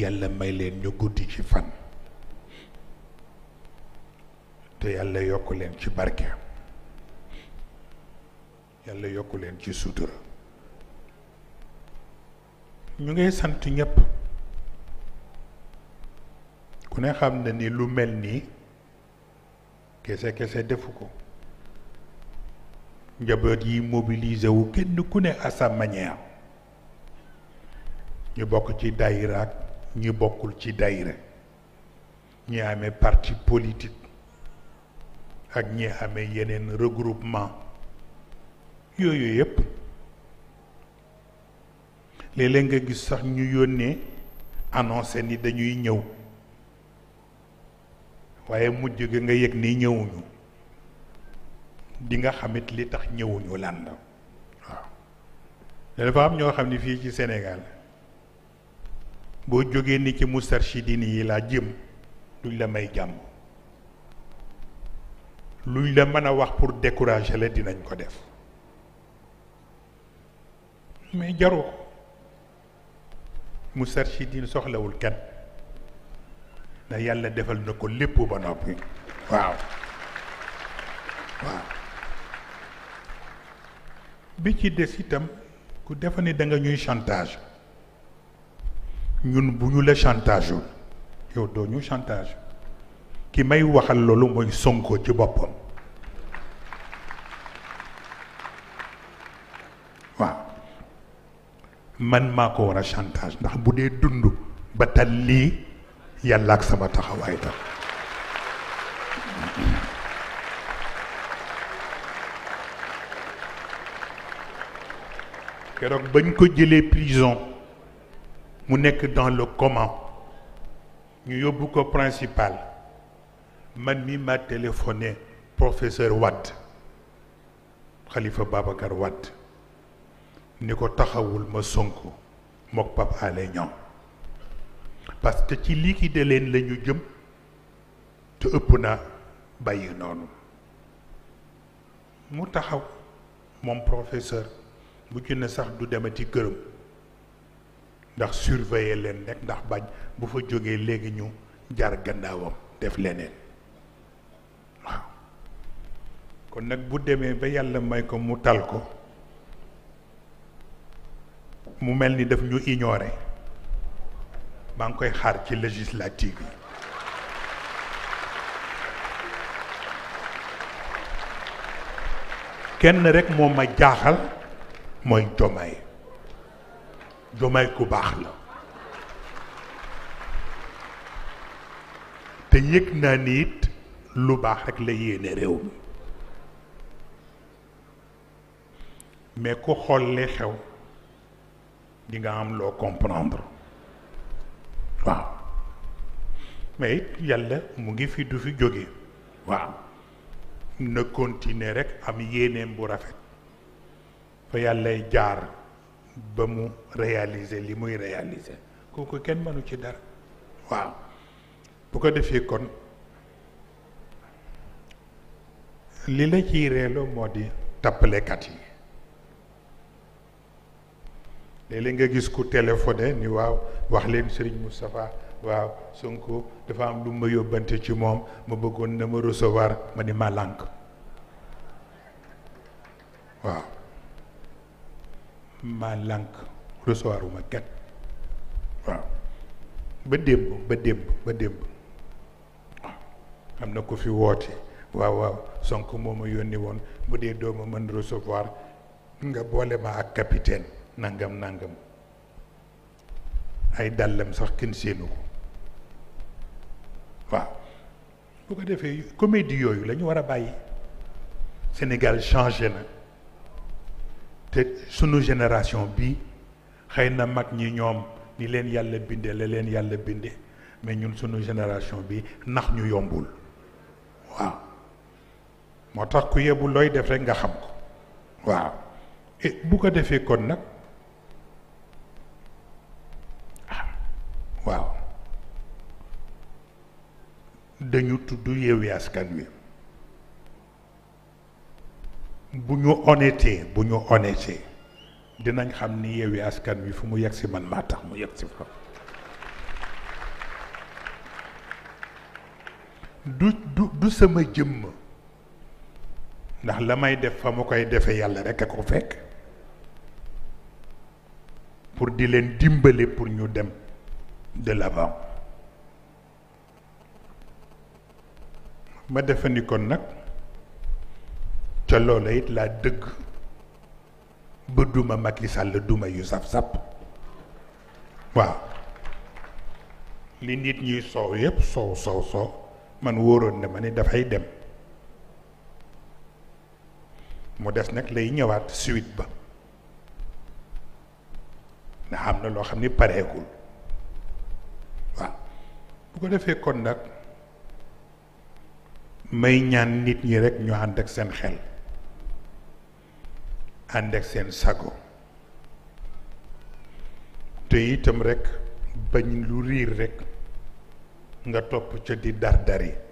yàlla may leen ñu guddi ci fan te yàlla yokk leen ci barke yàlla yokk leen ci sutura ñu ngay sant ñëpp ku ne xam na ni lu mel nii kese kese defu ko njaboot yi mobilisé wu kenn ku ne à ñu bokk ci dayira ñu bokkul ci dayira ñu amee parti politique ak ñi amee yeneen regroupement yooyu yépp léeg-léeg nga gis sax ñu yónnee annoncé ni dañuy ñëw waaye mujj gi nga yëg ni ñëwuñu di nga xamit li tax ñëwuñu lan la dafa am ñoo xam ni fii ci senegal boo jógee ni ci Moustarchidine yi laa jëm duñ la may jàmm luñ la mën a wax pour décourager la dinañ ko def mais jaru ko Moustarchidine soxlawul kenn na yàlla defal na ko lépp ba noppi waaw waaw bi ci des itam ku defa ni danga nga ñuy chantage ñun bu ñu la chantage yow doo ñu chantage ki may waxal loolu mooy Sonko ci boppam man maa ko war a chantage ndax bu dee dund ba tal lii yàlla ak sama taxawaay tax keroog bañ ko jëlee prison mu nekk dans le coma ñu yóbbu ko principal man mi ma téléphoné professeur Wade Khalifa Babacar Wade ni ko taxawul ma Sonko mook Pape Alé Niang parce que ci de leen la ñu jëm te ëpp naa bàyyi noonu mu taxaw moom professeur bu ci ne sax du demati këram ndax surveiller leen rek ndax bañ bu fa jógee léegi ñu jaar gannaawam def leneen waaw kon nag bu demee ba yàlla may ko mu tal ko mu mel ni daf ñu ignoré maa ngi koy xaar ci législative yi kenn rekk moo ma jaaxal mooy jomaay jomaay ku baax la te yëg naa ni lu baax rek la yéene réew mi mais ku xool li xew di nga am loo comprendre waaw mais yàlla mu ngi fi du fi jóge waaw na continuer rek am yéeneem bu rafet fa yàllay jaar ba mu réaliser li muy réaliser kooku kenn mënu ci dara waaw bu ko defee kon li la ciy reeloo moo di tappalekat yi léeg-léeg nga gis ku téléphoné ni waaw wax leen Serigne Moustapha waaw Sonko dafa am lu ma yóbbante ci moom ma bëggoon na ma recevoir ma ni ma waaw ma lànk recevoir waaw ba démb ba démb ba démb am na ko fi woote waaw waaw Sonko moo ma yónni woon bu dee doo ma recevoir nga boole ma ak capitaine nangam nangam ay dàllam sax kenn séenu ko waaw bu ko defee comédie yooyu lañu war a bàyyi Sénégal changé na te sunu génération bi xëy na mag ñi ñoom ni leen yàlla bindee la leen yàlla bindee mais ñun sunu génération bi nax ñu yombul waaw moo tax ku yebu looy def rek nga xam ko waaw et bu ko defee kon nag dañu tudd Yewwi Askan Wi bu ñu honnêté bu ñu honnêté dinañ xam ni Yewwi Askan Wi fu mu yegg si man maa tax mu yegg si fa du du sama jëmm ndax la may def fa mu koy defee yàlla rekk a ko fekk pour di leen dimbale pour ñu dem de ma defe ni kon nag ca loola it laa dëgg ba duma Macky Sall duma yu saf-sap waaw li nit ñuy soow yépp soow soow soow man wóoroon na ma ni dafay dem mu des nag lay ñëwaat suite ba ndax am na loo xam ni pareegul waaw bu ko defee kon nag may ñaan nit ñi rek ñu ànd ak seen xel ànd ak seen sago te itam rekk bañ lu riir rekk nga topp ca di dardari